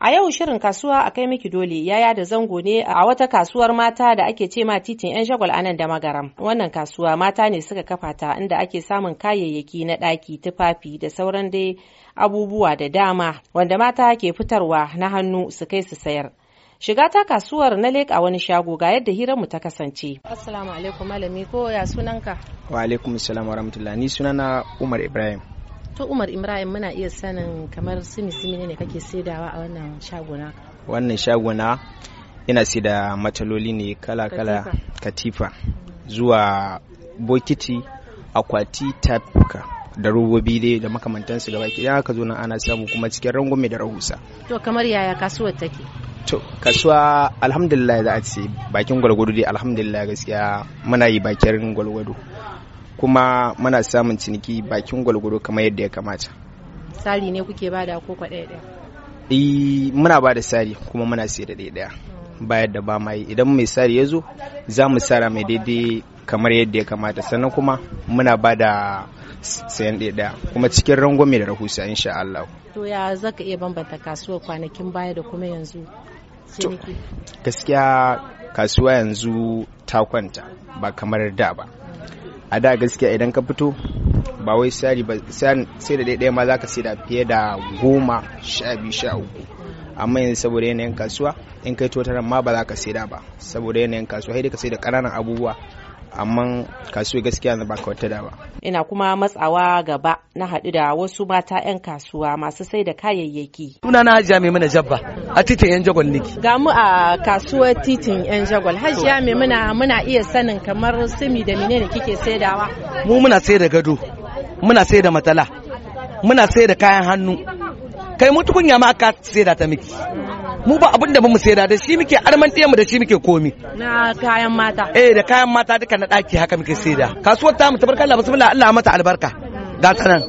A yau shirin kasuwa a kai miki dole yaya da zango ne a wata kasuwar mata da ake ce ma titin 'yan shagwal anan da magaram. Wannan kasuwa mata ne suka kafa ta inda ake samun kayayyaki na ɗaki, tufafi da sauran dai abubuwa da dama wanda mata ke fitarwa na hannu su kai su sayar. Shiga ta kasuwar na a wani shago ga yadda hiranmu ta kasance. Assalamu alaikum malami ko ya sunanka? Wa alaikum salam wa rahmatullah ni sunana Umar Ibrahim. to umar imra'in muna iya sanin kamar simi simi ne kake saidawa a wannan shaguna wannan shaguna yana da mataloli ne kala kala katifa zuwa bokiti akwati tapuka da robobi dai da makamantansu gaba ki haka zo nan ana samu kuma cikin rangume da rahusa to kamar yaya kasuwar take to kasuwa alhamdulillah za a ce bakin gwalgwado dai alhamdulillah gaskiya muna yi bakin gwalgwado kuma muna samun ciniki bakin gwalgwaro kamar yadda ya kamata sari ne kuke bada ko kwa ɗaya ɗaya muna bada sari kuma muna sai da ɗaya ɗaya bayar da ba ma idan mai sari ya zo za mu sara mai daidai kamar yadda ya kamata sannan kuma muna bada da sayan ɗaya kuma cikin rangwame da rahusa insha Allah. To ya za ka iya bambanta kasuwar kwanakin baya da kuma yanzu? Gaskiya kasuwa yanzu ta kwanta ba kamar da ba. a da gaskiya idan ka fito ba wai sai da ɗaya ma zaka sai da fiye da goma sha biyu sha uku amma yanzu saboda yanayin kasuwa in kai totaran ma ba za ka sai da ba saboda yanayin kasuwa sai da ka sai da ƙananan abubuwa amma kasuwa gaskiya na ba wata da ba. Ina kuma matsawa gaba na haɗu da wasu mata 'yan kasuwa masu sai da kayayyaki. Sunana Hajiya mana Jabba. a titin yan jagwal niki ga mu a kasuwar titin yan jagwal hajiya me muna muna iya sanin kamar sumi da menene kike saidawa mu muna sai da gado muna sai da matala muna sai da kayan hannu kai mu tukunya ma aka sai da ta miki mu ba abin da mu saida da shi muke arman mu da shi muke komi na kayan mata eh da kayan mata duka na daki haka muke saida kasuwar ta mu tabarka Allah bismillah Allah mata albarka ga sanan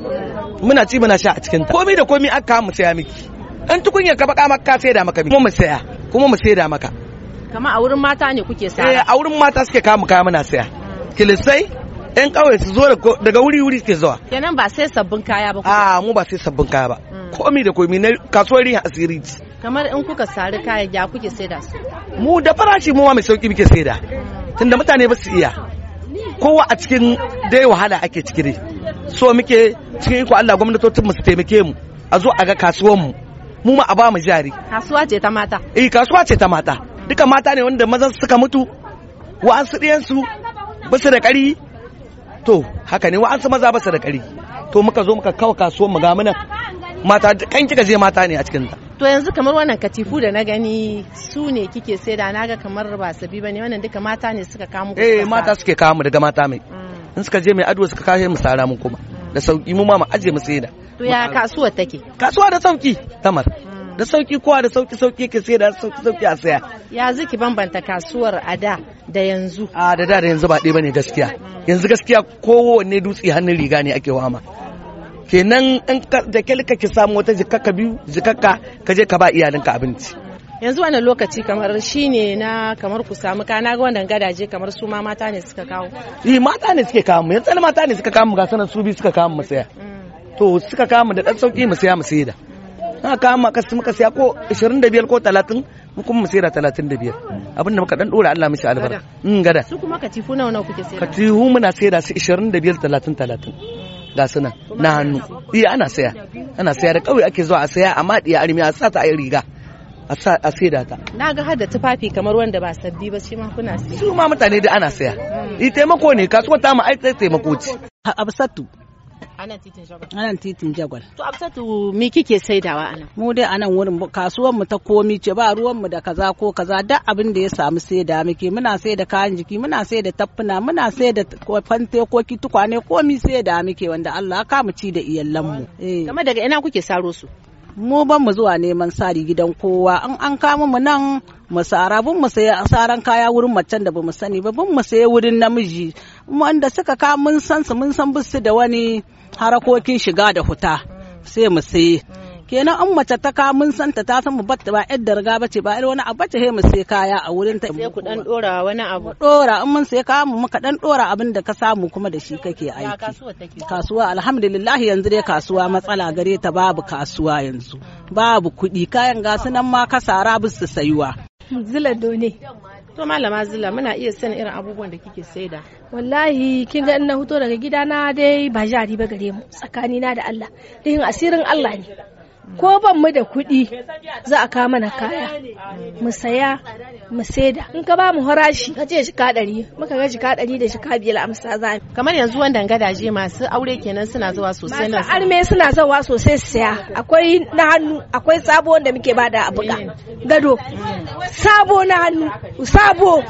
muna ci muna sha a cikin komi da komi aka mu saya miki in tukun ka baka maka ka saida maka kuma mu saya kuma mu saida maka kama a wurin mata ne kuke saya eh a wurin mata suke kama kaya muna saya hmm. kilisai yan kauye su zo daga wuri wuri suke zuwa kenan ba sai sabbin kaya ba a ah, mu ba sai sabbin kaya ba hmm. komi da komi na kasuwar rihin asiri kamar in kuka sari kaya ya kuke saida su mu da farashi mu ma mai sauki muke saida hmm. tunda mutane ba su iya kowa a cikin dai wahala ake ciki so muke cikin iko Allah gwamnatocin mu su taimake mu a zo a ga kasuwar mu mu ma a ba mu jari kasuwa ce ta mata eh kasuwa ce ta mata duka mata ne wanda mazan suka mutu wa'ansu ɗiyansu ba su da ƙari to haka ne wa'ansu maza ba su da ƙari to muka zo muka kawo kasuwar mu ga muna mata kan kika je mata ne a cikin ta to yanzu kamar wannan katifu da na gani su ne kike sai da naga kamar ba sabi ba ne wannan duka mata ne suka kamo eh mata suke kawo mu daga mata mai mm. in suka je mai ado suka kawo mu sara mu kuma da sauki mu ma mu aje mu sai da to ya kasuwar take kasuwa da sauki tamar hmm. da sauki kowa da sauki sauki ke sai da sauki sauki a saya ya ziki bambanta kasuwar a da da yanzu a da da da yanzu ba ɗaya bane gaskiya hmm. yanzu gaskiya kowanne dutse hannun riga ne ake wama kenan in da kyalka ki samu wata jikakka biyu jikakka ka je ka ba iyalinka abinci yanzu wannan lokaci kamar shi ne na kamar ku samu kana ga wannan gadaje kamar su ma mata ne suka kawo eh mata ne suke kawo mu yanzu mata ne suka kawo mu ga sanan su bi suka kawo mu saya hmm. to suka kama da dan sauki mu siya mu saida na kama ka muka saya ko 25 ko 30 mu kuma mu saida 35 abinda muka dan dora Allah mishi albarka in mm, gada su kuma katifu nawa nawa kuke saida katifu muna saida su 25 30 30 ga suna na hannu iya ana saya ana saya da kauye ake zuwa a saya amma diya arimi a sa ta riga a saida ta. Na ga hada tufafi kamar wanda ba sabbi ba shi ma kuna siya. Su ma mutane da ana saya. Mm. I taimako ne kasuwa ta ma ai taimako ce. Absatu anan titin jagwal anan titin jagwal to absatu me kike saidawa anan mu dai anan wurin kasuwar mu ta komi ce ba ruwan mu da kaza ko kaza duk abin da ya samu da muke muna da kayan jiki muna sai da tafuna muna sai da fante ko tukwane komi da muke wanda Allah ka mu ci da iyallan mu game eh. daga ina kuke saro su mu ban mu zuwa neman sari gidan kowa an an kama mu nan mu sara bin mu sayi saran kaya wurin macen da bamu sani ba bin mu saya wurin namiji wanda suka ka mun san su mun san bisu da wani harakokin shiga da huta sai mu sayi kenan an mace ta ka mun san ta ta san mu batta ba yar riga bace ba wani abu bace he mu sai kaya a wurin ta sai ku dan dora wani abu dora in mun sai kaya mu muka dan dora abin da ka samu kuma da shi kake aiki kasuwa alhamdulillah yanzu dai kasuwa matsala gare ta babu kasuwa yanzu babu kuɗi kayan gasu nan ma kasara bisu sayuwa zila done to malama zila muna iya san irin abubuwan da kike saida wallahi kin ga na fito daga gidana dai ba jari ba gare mu tsakanina da Allah dai asirin Allah ne ko ban mu da kuɗi za a kawo mana kaya mu saya mu saida in ka ba mu harashi. ka ce shika ɗari muka ga shika ɗari da shika biyar amsa za kamar yanzu wanda gadaje masu aure kenan suna zuwa sosai na masu arme suna zuwa sosai su saya akwai na hannu akwai sabo wanda muke bada da buga gado sabo na hannu sabo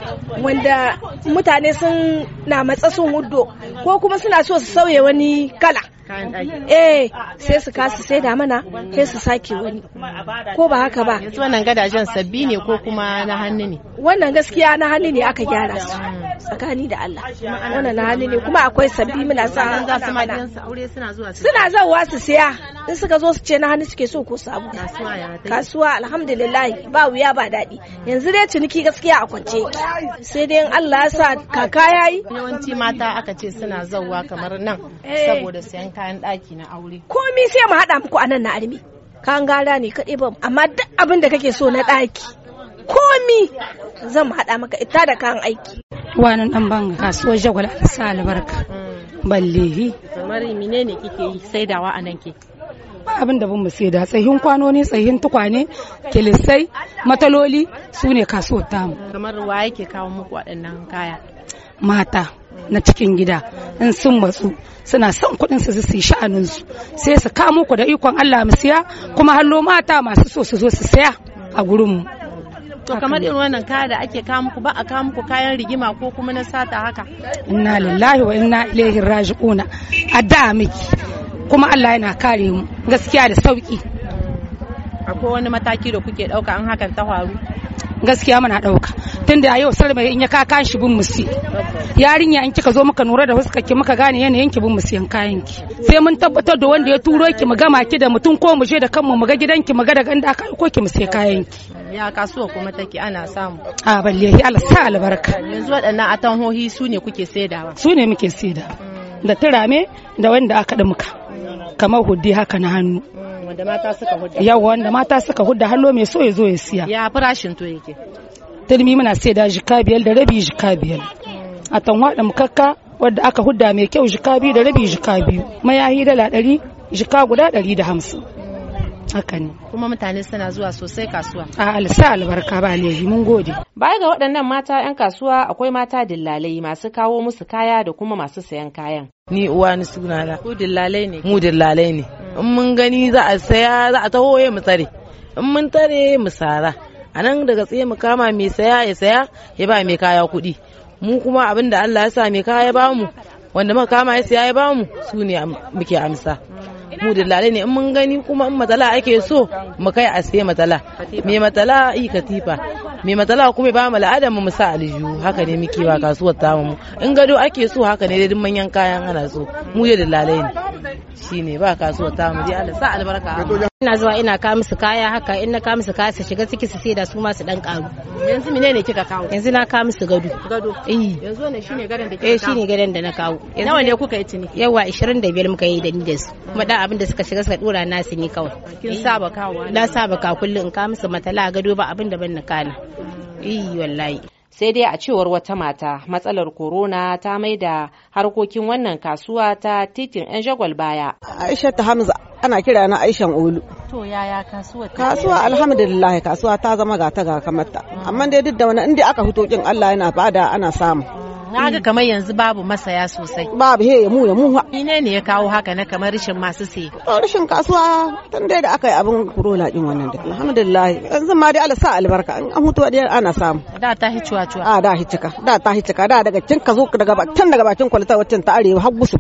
wanda mutane sun na matsa sun hudo ko kuma suna so su sauya wani kala eh sai su kasu sai da mana sai su sake wani ko ba haka ba yanzu wannan gadajen sabbi ne ko kuma na hannu ne wannan gaskiya na hannu ne aka gyara su mm. tsakani da Allah wannan na hali ne kuma akwai sabbi muna sa za suna zauwa su siya in suka zo su ce na hannu suke so ko sabu kasuwa alhamdulillah ba wuya ba daɗi yanzu dai ciniki gaskiya a kwance sai dai in Allah ya sa kaka yayi yawanci mata aka ce suna zauwa kamar nan eh. saboda sayan kayan ɗaki na aure komi sai mu haɗa muku anan na armi kan gara ne kaɗai ba amma duk abin da kake so na ɗaki komi zan haɗa maka ita da kayan aiki wani dan banga kasuwar jagwal alsa albarka mm. ballehi kamar mine ne kike yi saidawa a nan ke ba abin da bin mu da tsayin kwanoni tsayin tukwane kilisai mataloli su ne kasuwar tamu kamar wa yake kawo muku waɗannan kaya mata na cikin gida in sun matsu suna son kuɗin su su sha'anin su sai su kamo ku da ikon Allah mu siya kuma hallo mata masu so su zo su saya a gurin mu to kamar irin wannan kaya da ake kawo muku ba a kawo muku kayan rigima ko kuma na sata haka inna lillahi wa inna ilaihi raji'una adda miki kuma Allah yana kare mu gaskiya da sauki akwai wani mataki da kuke dauka an hakan ta faru gaskiya muna ɗauka tunda a yau sarma in ya kaka shi bin musi yarinya in kika zo muka nura da fuskar ki muka gane yanayin ki bin yan kayan ki sai mun tabbatar da wanda ya turo ki mu gama ki da mutum ko mu je da kanmu mu ga gidan ki mu ga da ganda ko ki mu sai kayan ki ya kasuwa kuma take ana samu a balle Allah sa albarka yanzu waɗannan atanhohi su ne kuke saidawa su ne muke saidawa da turame da wanda aka ɗi muka kamar huddi haka na hannu mm. wanda mata suka hudda yawa wanda mata suka hudda hallo mai so ya zo ya siya ya farashin to yake turmi muna sai da jika biyar da rabi jika biyar a tanwaɗa mukakka wadda aka hudda mai kyau jika biyu da rabi jika biyu mayahi dala ɗari jika guda ɗari da hamsin haka ne kuma mutane suna zuwa sosai kasuwa a alsa albarka ba laifi mun gode baya ga waɗannan mata 'yan kasuwa akwai mata dillalai masu kawo musu kaya da kuma masu sayan kayan ni uwa ni sunana ku dillalai ne mu dillalai ne in mun gani za a saya za a taho ya mu tsare in mun tare mu sara a nan daga tsaye mu kama mai saya ya saya ya ba mai kaya kuɗi mu kuma abin da Allah ya sa mai kaya ya ba mu wanda muka kama ya saya ya ba mu su ne muke amsa mu lalai ne in mun gani kuma in matsala ake so mu kai a sai matsala mai matsala yi katifa mai matsala kuma ba mu la'adar mu sa aljihu haka ne muke ba kasuwar tamu in gado ake so haka ne da dai manyan kayan ana so mu lalai ne shine ba kasuwa ta mu Allah sa albarka ina zuwa ina ka musu kaya haka in na ka musu kaya su shiga ciki su sai da su ma su dan karu yanzu mine ne kika kawo yanzu na ka musu gado gado eh yanzu ne shine gadon da kika eh, kawo eh shine gadon da na kawo nawa ne kuka yi ciniki yawa 25 muka yi da ni da su kuma dan abin da suka shiga suka dora na su ne kawai kin saba kawo na saba ka kullun in ka musu matala gado ba abin da ban na kana eh wallahi sai dai a cewar wata mata matsalar korona ta maida harkokin wannan kasuwa ta titin 'yan shagwal baya aisha ta hamza ana kira na aishan olu to yaya kasuwa kasuwa alhamdulillah kasuwa ta zama gata ga kamarta amma dai duk da wani inda aka hito kin Allah yana bada ana samu Na ga mm. kamar yanzu babu masaya sosai. Babu he ya mu ya mu ha. Ine ne ya kawo haka na kamar rashin masu saye. Rashin kasuwa tun dai da aka yi abin corona din wannan da. Alhamdulillah yanzu ma dai Allah sa albarka an hutu dai ana samu. Da ta hi cuwa cuwa. A da hi da ta hi da daga cin ka zo daga tun daga bakin kwalita waccan ta arewa har gusu.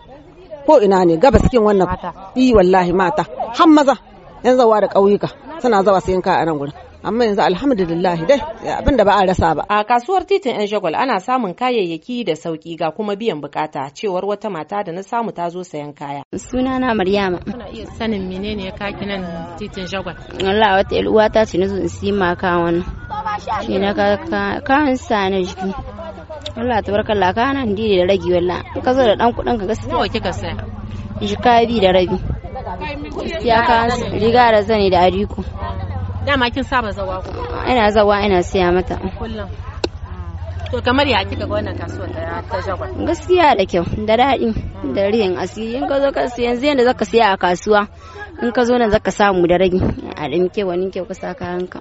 Ko ina ne gaba kin wannan. Yi wallahi mata. Har maza. Yan zawa da ƙauyuka suna zawa sayan kaya a nan gurin. amma yanzu alhamdulillah dai abin da ba a rasa ba a kasuwar titin yan shagwal ana samun kayayyaki da sauki ga kuma biyan bukata cewar wata mata da na samu ta zo sayan kaya Suna na maryama kuna iya sanin menene ya kaki nan titin shagwal wallahi wata uwa ta ce na zo in si ma wani. shi na kawan sa na jiki wallahi tabarakallah nan dire da ragi wallahi ka zo da dan kudin ka gaskiya nawa kika saya jika bi da rabi gaskiya ka riga da zani da ariko dama kin saba zawa ko ina zawa ina siya mata kullum to kamar ya kika ga wannan kasuwar ta jagwal gaskiya da kyau da daɗi hmm. da riyan asiri in ka zo ka siya yanzu yanda zaka siya a kasuwa in ka zo nan zaka samu da ragi a ɗinke wani kyau ka saka hanka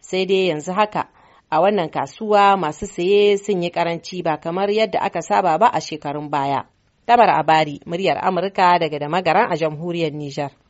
sai dai yanzu haka a wannan kasuwa masu saye sun yi karanci ba kamar yadda aka saba ba a shekarun baya. Tabar Abari, muryar Amurka daga da magaran a jamhuriyar Nijar.